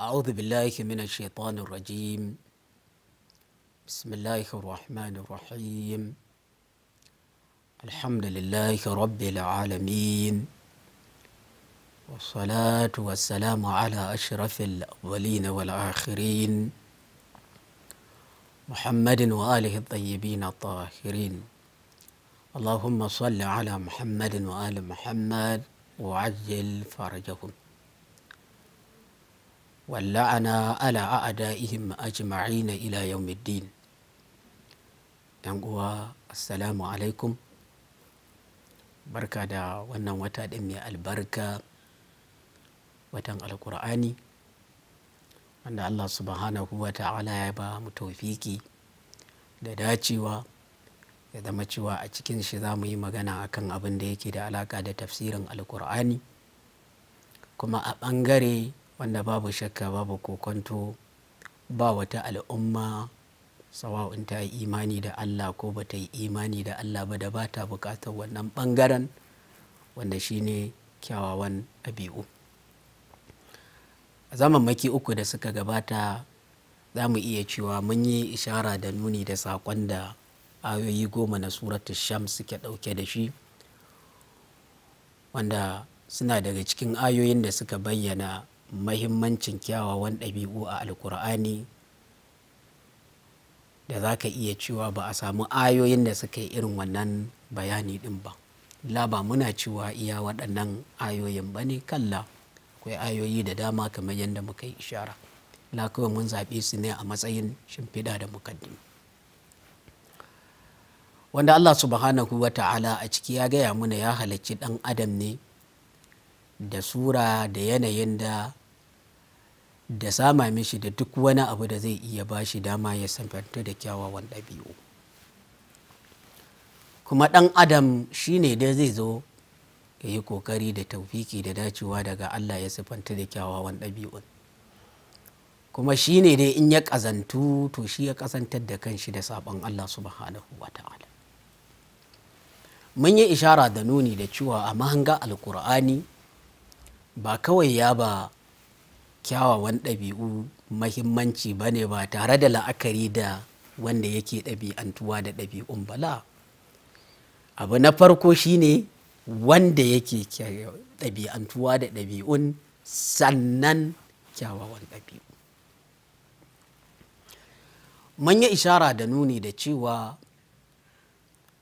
أعوذ بالله من الشيطان الرجيم بسم الله الرحمن الرحيم الحمد لله رب العالمين والصلاة والسلام على أشرف الأولين والآخرين محمد وآله الطيبين الطاهرين اللهم صل على محمد وآل محمد وعجل فرجهم walla'ana ala a'da'ihim na ila yawmiddin yan uwa assalamu alaikum barka da wannan wata ɗin mai albarka watan alkur'ani wanda allah subhanahu wa ta'ala ya ba mu taufiki da dacewa ya zama cewa a cikin shi za mu yi magana akan abin da yake da alaka da tafsirin alkur'ani kuma a ɓangare wanda babu shakka babu kokonto ba wata al'umma sawa'un ta yi imani da Allah ko ba ta yi imani da Allah ba da ba ta bukatar wannan bangaren wanda shi ne kyawawan abi'u a zaman maki uku da suka gabata za mu iya cewa mun yi ishara da nuni da saƙon da ayoyi goma na suratu sham suke ɗauke da shi wanda suna daga cikin ayoyin da suka bayyana mahimmancin kyawawan ɗabi'u a alkur'ani da za ka iya cewa ba a samu ayoyin da suka yi irin wannan bayani ɗin ba laba muna cewa iya waɗannan ayoyin ba ne kalla akwai ayoyi da dama kamar yadda muka yi ishara la mun zaɓe su ne a matsayin shimfiɗa da mukaddim wanda allah subhanahu wa ta'ala a ciki ya gaya mana ya halarci ɗan adam ne da sura da yanayin da da sama mishi da duk wani abu da zai iya ba shi dama ya samfanta da kyawawan ɗabi'u kuma ɗan adam shi ne da zai zo ya yi ƙoƙari da taufiki da dacewa daga allah ya siffanta da kyawawan ɗabi'un kuma shi ne dai in ya ƙazantu to shi ya ƙazantar da kanshi da sabon allah subhanahu wa ta'ala mun yi ishara da nuni da cewa a mahanga alkur'ani ba kawai ya ba kyawawan ɗabi'u mahimmanci ba ne ba tare da la'akari da wanda yake ɗabi'antuwa da ɗabi'un bala abu na farko shine wanda yake ɗabi'antuwa da ɗabi'un sannan kyawawan ɗabi'u mun yi ishara da nuni da cewa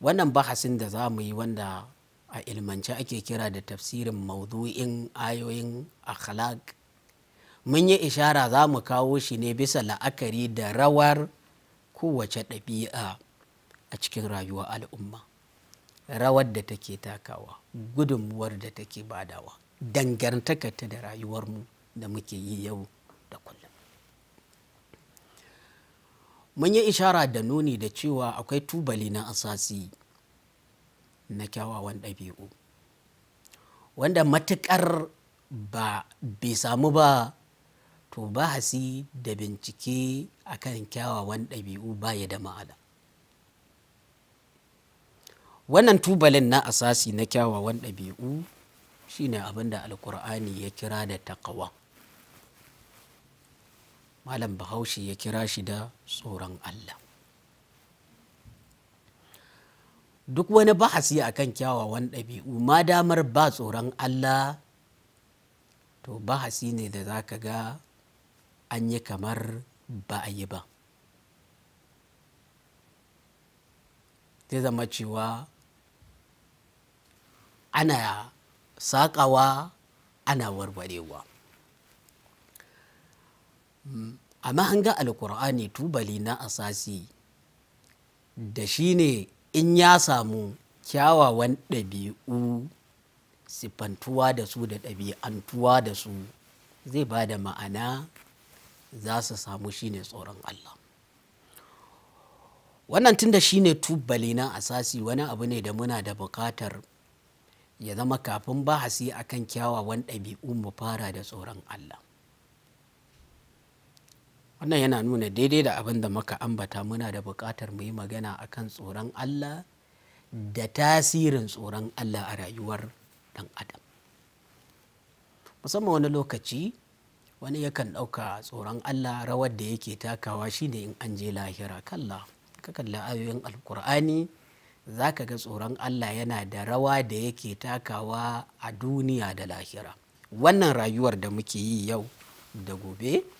wannan bahasin da za mu yi wanda a ilmance ake kira da tafsirin maudu'in ayoyin akhlaq mun yi ishara za mu kawo shi ne bisa la'akari da rawar kowace ɗabi'a a cikin rayuwa al'umma rawar da take takawa gudunmuwar da take badawa ta da rayuwarmu da muke yi yau da kullum mun yi ishara da nuni da cewa akwai tubali na asasi na kyawawan ɗabi'u wanda matuƙar ba bai samu ba to bahasi da bincike akan kyawawan ɗabi'u ba ya da ma'ala. wannan tubalin na asasi na kyawawan ɗabi'u shine abin da alkur'ani ya kira da takawa malam bahaushe ya kira shi da tsoron allah duk wani bahasi a kan kyawawan ɗabi'u ma damar ba tsoron Allah to bahasi ne da za ka ga an yi kamar ba a yi ba zai zama cewa ana saƙawa ana warwarewa amma an ga alkur'ani tubali na asasi da shi ne in ya samu kyawawan ɗabi'u siffantuwa da su da ɗabi'antuwa da su zai ba da ma'ana za su samu shine tsoron Allah wannan tunda shine tubali na asasi wani abu ne da muna da bukatar ya zama kafin bahasi akan kyawawan ɗabi'u mu fara da tsoron Allah wannan yana nuna daidai da abin da muka ambata muna da bukatar mu yi magana a kan tsoron allah da tasirin tsoron allah a rayuwar ɗan adam musamman wani lokaci wani yakan ɗauka tsoron allah rawar da yake takawa shine in an je lahira kalla ka kalla ayoyin alkur'ani za ka ga tsoron allah yana da rawa da yake takawa a duniya da lahira wannan rayuwar da muke yi yau da gobe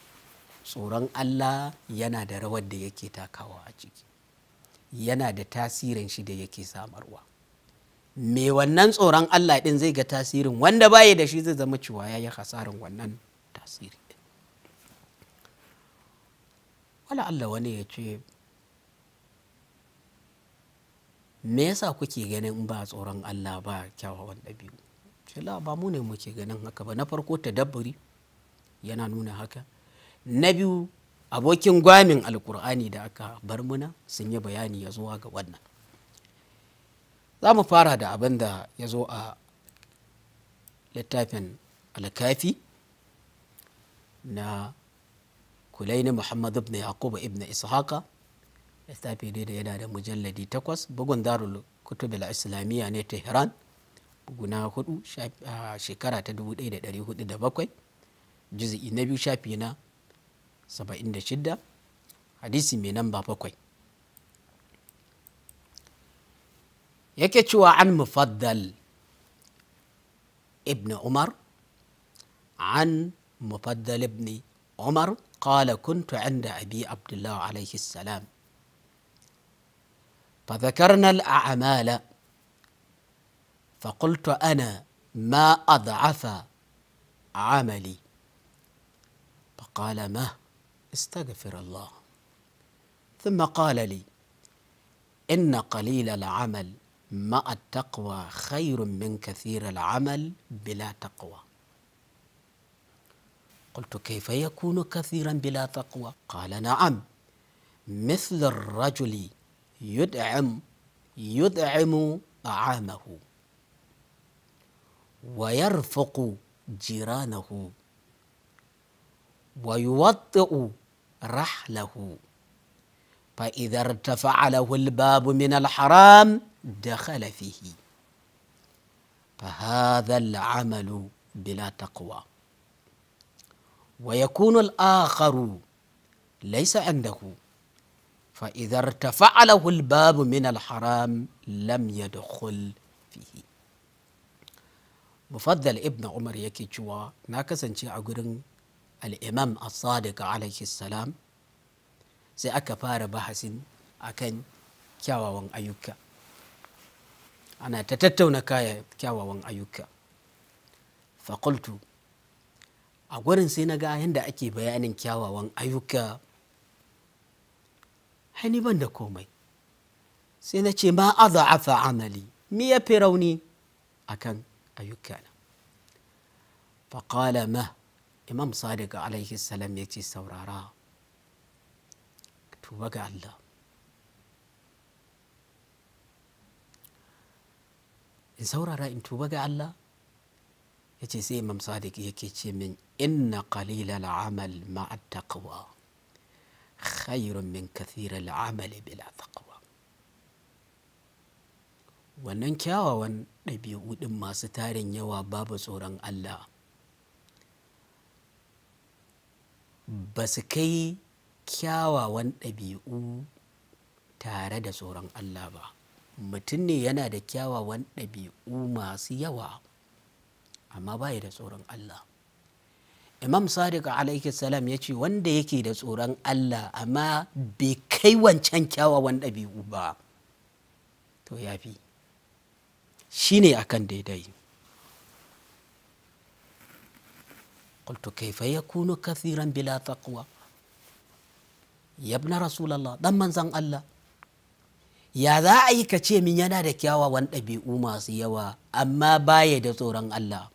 tsoron allah yana da rawar da yake takawa a ciki yana da tasirin shi da yake samarwa me wannan tsoron allah ɗin zai ga tasirin wanda baya da shi zai zama cewa ya yi hasarin wannan tasiri wala allah wani ya ce me yasa kuke ganin ba tsoron allah ba kyawawan ɗabi'u shila ba mu ne muke ganin haka ba na farko ta dabbari yana nuna haka na biyu abokin gwamin alkur'ani da aka bar muna sun yi bayani ya zuwa ga wannan za mu fara da abin da ya zo a littafin alkafi na kulaini muhammad ibn yakubu ibn ishaqa littafi ne da yana da mujalladi takwas bugun darul kutub islamiyya ne tehran buguna hudu shekara ta 1407 juzi'i na biyu shafi na 76 hadisi mai namba bakwai yake cewa عن مفضل ابن عمر عن مفضل ابن عمر قال كنت عند أبي عبد الله عليه السلام فذكرنا الأعمال فقلت أنا ما أضعف عملي فقال ما استغفر الله ثم قال لي إن قليل العمل مع التقوى خير من كثير العمل بلا تقوى قلت كيف يكون كثيرا بلا تقوى قال نعم مثل الرجل يدعم يدعم طعامه ويرفق جيرانه ويوطئ رحله فإذا ارتفع له الباب من الحرام دخل فيه فهذا العمل بلا تقوى ويكون الآخر ليس عنده فإذا ارتفع له الباب من الحرام لم يدخل فيه مفضل ابن عمر يكي جوا ناكسن جي عقرن al'imam as-sadiq alaihi salam sai aka fara bahasin akan kyawawan ayyuka ana ta tattauna kaya kyawawan ayyuka fakultu a gurin sai na ga yadda ake bayanin kyawawan ayyuka hani ban da komai sai na ce ma aza afa amali mi ya fi rauni akan ayyukana faƙala ma imam sadiq alaihi salam ya ce saurara tuba ga allah in saurara in tuba ga allah ya ce sai imam sadiq yake ce min inna qalilal amal ma'a taqwa khairun min kathiral amali bila taqwa wannan kyawawan ɗabi'u ɗin masu tarin yawa babu tsoron allah ba su kai kyawawan ɗabi'u tare da tsoron Allah ba mutum ne yana da kyawawan ɗabi'u masu yawa amma ba da tsoron Allah imam sadiq alaihi salam ya ce wanda yake da tsoron Allah amma bai kai wancan kyawawan ɗabi'u ba to ya fi shi ne akan daidai قلت كيف يكون كثيرا بلا تقوى يا ابن رسول الله دم من زن الله ya za a yi ka ce min yana da kyawawan ɗabi'u masu yawa amma baya da tsoron Allah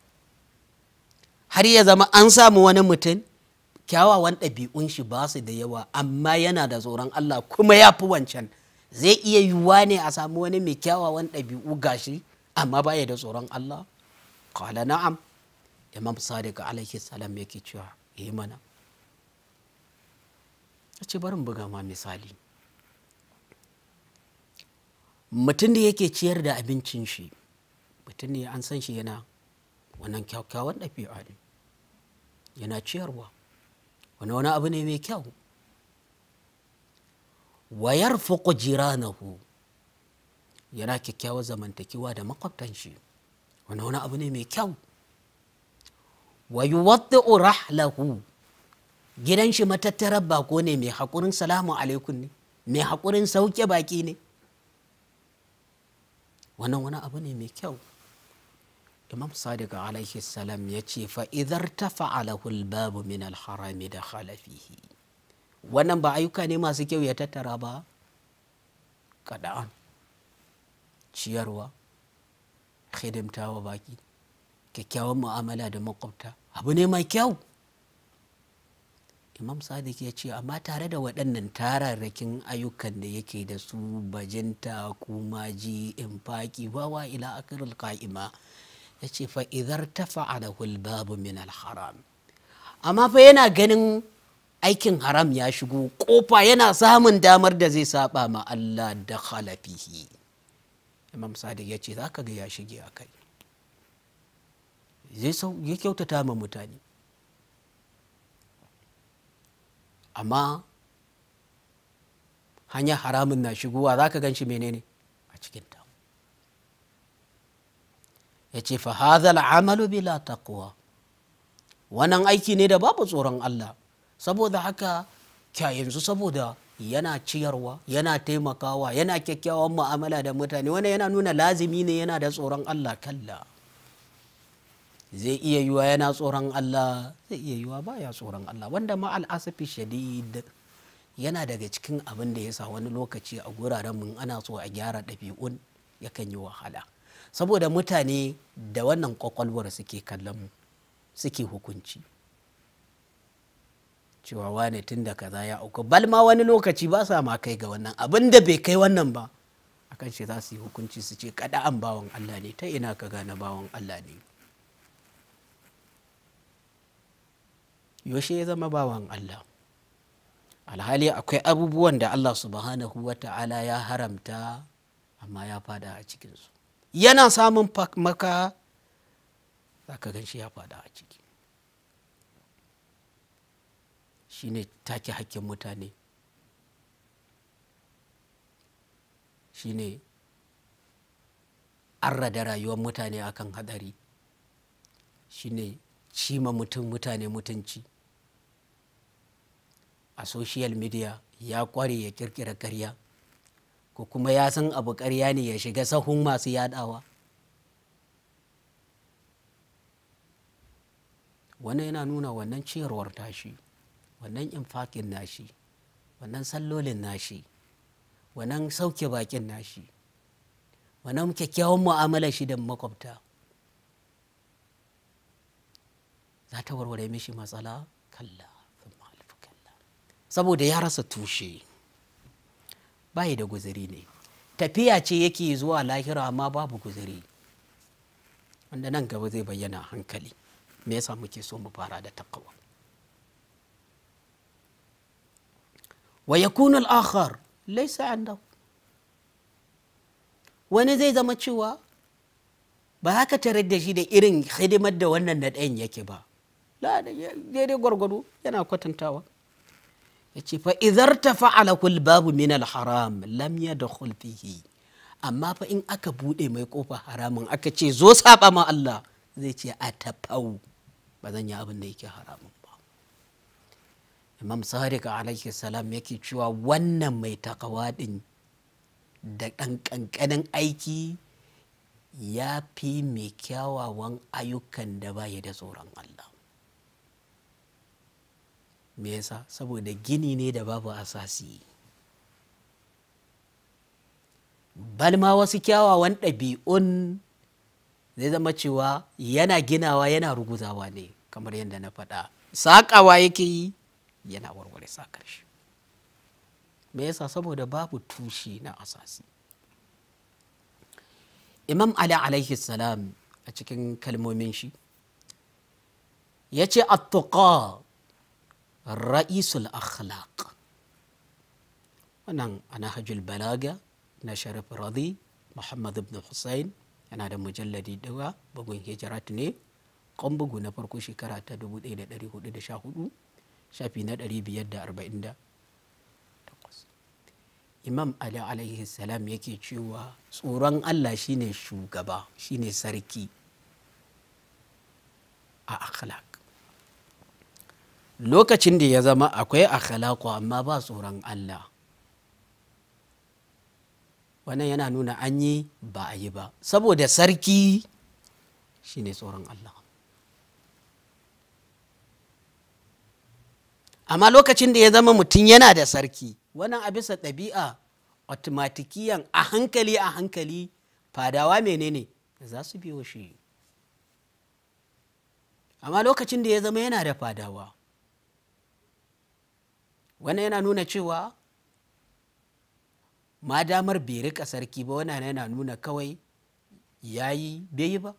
har ya zama an samu wani mutum kyawawan ɗabi'un shi ba su da yawa amma yana da tsoron Allah kuma ya fi wancan zai iya yiwuwa ne a samu wani mai kyawawan ɗabi'u gashi amma ba ya da tsoron Allah qala na'am imam sadiq alaihi salam yake cewa yi mana a ce barin buga ma misali mutum da yake ciyar da abincin shi mutum ne an san shi yana wannan kyakkyawan ɗabi'a ne yana ciyarwa wani wani abu ne mai kyau wayar fuku jiranahu yana kyakkyawar zamantakewa da makwabtan shi wani wani abu ne mai kyau wa yuwaddi'u rahlahu gidan shi matattarar bako ne mai haƙurin salamu alaikun ne mai haƙurin sauke baki ne wannan wani abu ne mai kyau imam sadiq alaihi salam ya ce fa'idar ta fa'ala babu min alharami da halafihi wannan ba ayyuka ne masu kyau ya tattara ba kada'an ciyarwa hidimtawa baki kyakkyawan mu'amala da makwabta abu ne mai kyau imam sadiq ya ce amma tare da waɗannan tararrakin ayyukan da yake da su bajinta kumaji infaki wawa ila akirul ka'ima ya ce fa'idar ta fa'ada babu min alharam amma fa yana ganin aikin haram ya shigo kofa yana samun damar da zai saba ma Allah da khalafihi imam sadiq ya ce za ka ga ya shige a kai Zai ya kyautata ma mutane amma hanyar haramun na shigowa za ka gan shi menene a cikin ta. ya ce fa hadhal amalu bila taqwa wannan aiki ne da babu tsoron Allah saboda haka kya yanzu saboda yana ciyarwa yana taimakawa yana kyakkyawan mu'amala da mutane wannan yana nuna lazimi ne yana da tsoron Allah kalla zai iya yiwa yana tsoron Allah zai iya yiwa baya tsoron Allah wanda ma al'asafi shadid yana daga cikin abin da ya sa wani lokaci a guraren mun ana so a gyara ɗabi'un yakan yi wahala saboda mutane da wannan kwakwalwar suke kallon mu suke hukunci cewa wane tun da kaza ya auku bal ma wani lokaci ba sa ma kai ga wannan abin da bai kai wannan ba akan shi za su yi hukunci su ce kada an bawan Allah ne ta ina ka gane bawan Allah ne yaushe ya zama bawan Allah alhali akwai abubuwan da Allah subhanahu wa ta'ala ya haramta amma ya fada a cikinsu yana samun maka za ka gan shi ya fada a ciki shi ne take hakkin mutane shi ne an rada rayuwar mutane akan hadari shi ne cima mutum mutane mutunci a social media ya kware ya kirkira karya ko kuma ya san abu karya ne ya shiga sahun masu yadawa wannan yana nuna wannan ciyarwar tashi wannan infakin nashi wannan sallolin nashi wannan sauke bakin nashi wannan kyakkyawan mu'amala shi da makwabta za ta warware mishi matsala kalla saboda ya rasa tushe bayi da guzuri ne tafiya ce yake zuwa lahira amma babu guzuri wanda nan gaba zai bayyana hankali me yasa muke so mu fara da takawa wa yakunu al-akhar laysa anda? wani zai zama cewa ba haka tare da shi da irin hidimar da wannan na ɗayan yake ba daidai gwargwado yana kwatantawa ya ce fa idar ta fa'ala kul babu min haram lam ya da fihi amma fa in aka buɗe mai kofa haramun aka ce zo saba ma Allah zai ce a tafau ba zan yi abin da yake haramun ba imam sadiq alaihi salam yake cewa wannan mai takawa ɗin da ɗan ƙanƙanin aiki ya fi mai kyawawan ayyukan da baya da tsoron Allah me yasa saboda gini ne da babu asasi balma wasu kyawawan ɗabi'un zai zama cewa yana ginawa yana ruguzawa ne kamar yadda na faɗa saƙawa yake yi yana warware saƙar shi me yasa saboda babu tushe na asasi imam ali alaihi salam a cikin kalmomin shi ya ce attuqa ra'isul akhlaq wannan a nahajul balaga na sharif radi muhammad ibn hussein yana da mujalladi dawa bugun hijirat ne kan bugu na farko shekara ta 1414 shafi na 548 imam ali alaihi salam yake cewa tsoron allah shine shugaba shine sarki a akhlaq lokacin da ya zama akwai akhlaku amma ba tsoron Allah wannan yana nuna an yi ba a yi ba saboda sarki shine tsoron Allah amma lokacin da ya zama mutum yana da sarki wannan a bisa ɗabi'a otomatikiyan a hankali a hankali fadawa menene za su biyo shi amma lokacin da ya zama yana da fadawa wannan yana nuna cewa ma damar bai rika sarki ba wannan yana nuna kawai ya yi bai ba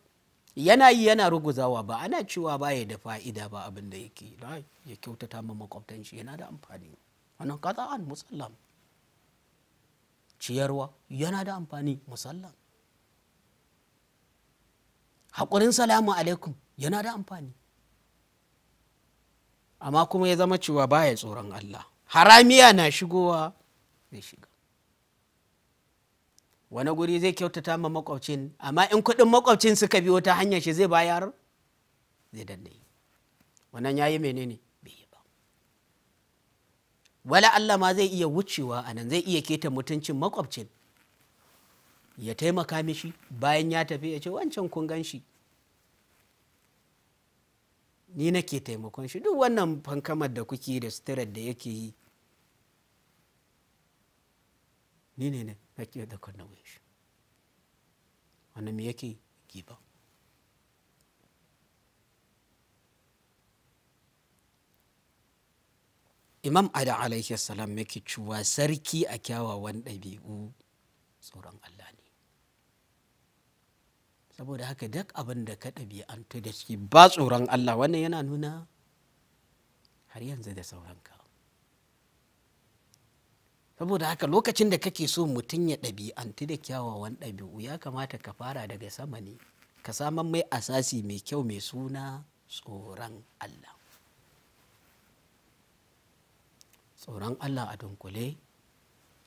yana yi yana ruguzawa ba ana cewa ba ya da fa'ida ba abin da yake ya kyautata ma makwabtan shi yana da amfani wannan an musallam ciyarwa yana da amfani musallam haƙurin salamu alaikum yana da amfani amma kuma ya zama cewa baya tsoron Allah haramiya na shigowa zai shiga wani guri zai kyautata ma makwabcin amma in kudin makwabcin suka biyo ta hanya shi zai bayar zai danne wannan yayi menene bai yi ba wala Allah ma zai iya wucewa anan zai iya keta mutuncin makwabcin ya taimaka mishi bayan ya tafi ya ce wancan kun gan shi ni nake taimakon shi duk wannan fankamar da kuke da sitirar da yake yi ni ne ne da kan nauyin shi wannan me yake giba imam ada alaihi salam yake cewa sarki a kyawawan ɗabi'u tsoron allah ne saboda haka duk abin da ka ɗabi'antu da shi ba tsoron allah wannan yana nuna har yanzu da sauranka saboda haka lokacin da kake so mutum ya ɗabi'antu da kyawawan ɗabi'u ya kamata ka fara daga sama ne ka saman mai asasi mai kyau mai suna tsoron allah tsoron allah a dunkule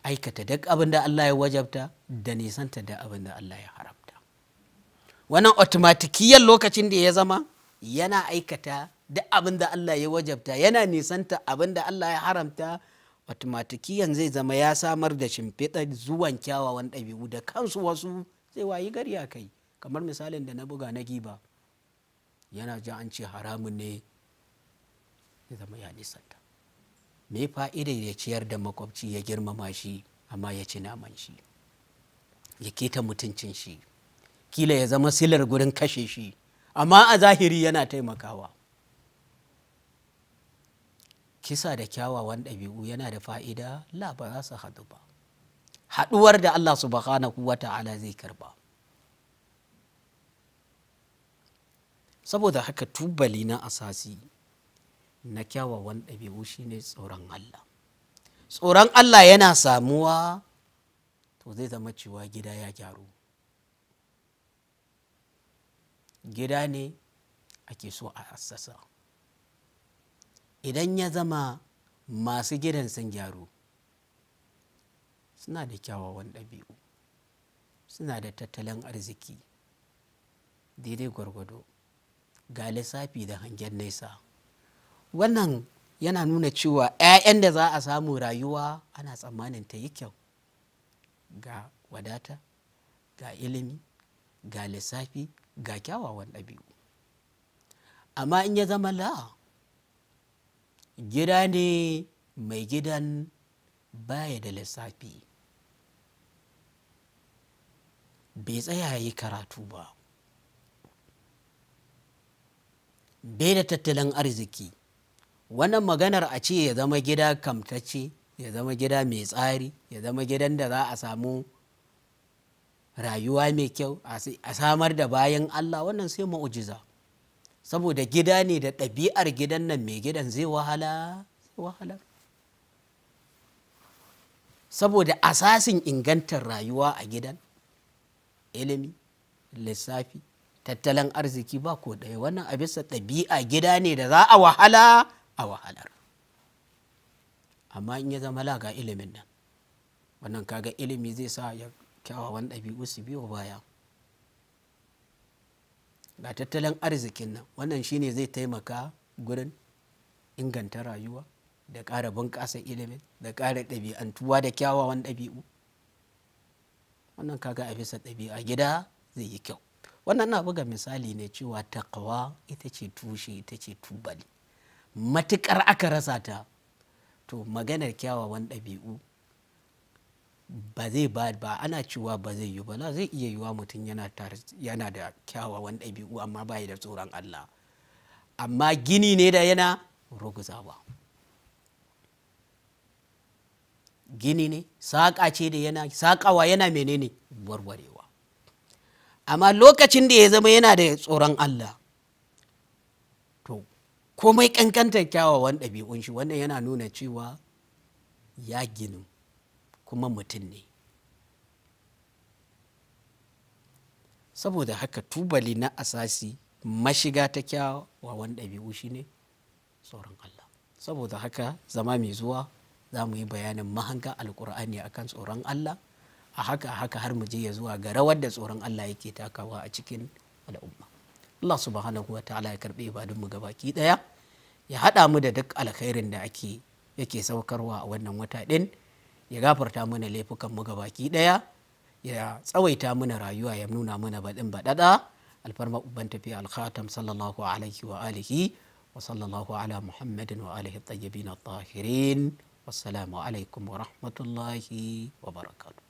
aikata duk abin da allah ya wajabta da nisanta da abin da allah ya haramta wannan otomatikiyar lokacin da ya zama yana aikata duk abin da allah ya wajabta yana nisanta abin da allah ya haramta yanzu zai zama ya samar da shimfiɗa zuwan kyawawan ɗabi'u da kansu wasu zai wayi gari a kai kamar misalin da na buga na giba yana ji an ce haramun ne ya zama ya nisanta me fa'ida ya ciyar da makwabci ya girmama shi amma ya ci naman shi ya keta mutuncin shi kila ya zama silar gurin kashe shi amma a zahiri yana taimakawa kisa da kyawawan ɗabi'u yana da fa'ida la ba za su haɗu ba haɗuwar da Allah subhanahu wa ta'ala zai karɓa. saboda haka tubali na asasi na kyawawan ɗabi'u shine tsoron Allah tsoron Allah yana samuwa to zai zama cewa gida ya gyaru gida ne ake so a asasa. idan ya zama masu gidan sun gyaru suna da kyawawan ɗabi'u suna da tattalin arziki daidai gwargwado ga lissafi da hangen nesa wannan yana nuna cewa 'ya'yan da za a samu rayuwa ana tsammanin ta yi kyau ga wadata ga ilimi ga lissafi ga kyawawan ɗabi'u amma in ya zama la'a gida ne mai gidan baya da lissafi bai tsaya yi karatu ba bai da tattalin arziki wannan maganar a ce ya zama gida kamtacce ya zama gida mai tsari ya zama gidan da za a samu rayuwa mai kyau a samar da bayan allah wannan sai ma'ujiza. saboda gida ne da ɗabi'ar gidan nan mai gidan zai wahala wahala saboda asasin ingantar rayuwa a gidan ilimi lissafi tattalin arziki ba ko ɗaya wannan a bisa ɗabi'a gida ne da za a wahala a wahalar amma in ya zama laga ilimin nan wannan kaga ilimi zai sa ya kyawawan ɗabi'u su biyo baya ga tattalin arzikin nan wannan shine zai taimaka gurin inganta rayuwa da ƙara bunƙasa ilimin da ƙara ɗabi'antuwa da kyawawan ɗabi'u wannan kaga a bisa ɗabi'a gida zai yi kyau wannan na buga misali ne cewa takawa ita ce tushe ita ce tubali matuƙar aka rasa ta to maganar kyawawan ɗabi'u ba zai ba ba ana cewa ba zai yi ba zai iya yiwa mutum yana da kyawawan ɗabi'u amma ba da tsoron Allah amma gini ne da yana ruguzawa gini ne saƙa ce da yana saƙawa yana menene warwarewa amma lokacin da ya zama yana da tsoron Allah to komai ƙanƙantar kyawawan ɗabi'un shi wannan yana nuna cewa ya ginu kuma mutum ne saboda haka tubali na asasi mashiga ta kyawawan ɗabi'u shine tsoron Allah saboda haka zama mai zuwa za mu yi bayanin mahanga alkur'ani akan tsoron Allah a haka haka har mu je ya zuwa ga rawar da tsoron Allah yake takawa a cikin al'umma Allah subhanahu wa ta'ala ya karbi ibadun mu gabaki ɗaya ya haɗa mu da duk alkhairin da ake yake saukarwa a wannan wata ɗin. ya gafarta mana laifukanmu ga baki ɗaya ya tsawaita mana rayuwa ya nuna mana baɗin baɗaɗa alfarma uban tafiya alkhatam sallallahu alaihi wa alihi wa sallallahu ala muhammadin wa alihi tayyibin tahirin wassalamu alaikum wa rahmatullahi wa barakatuh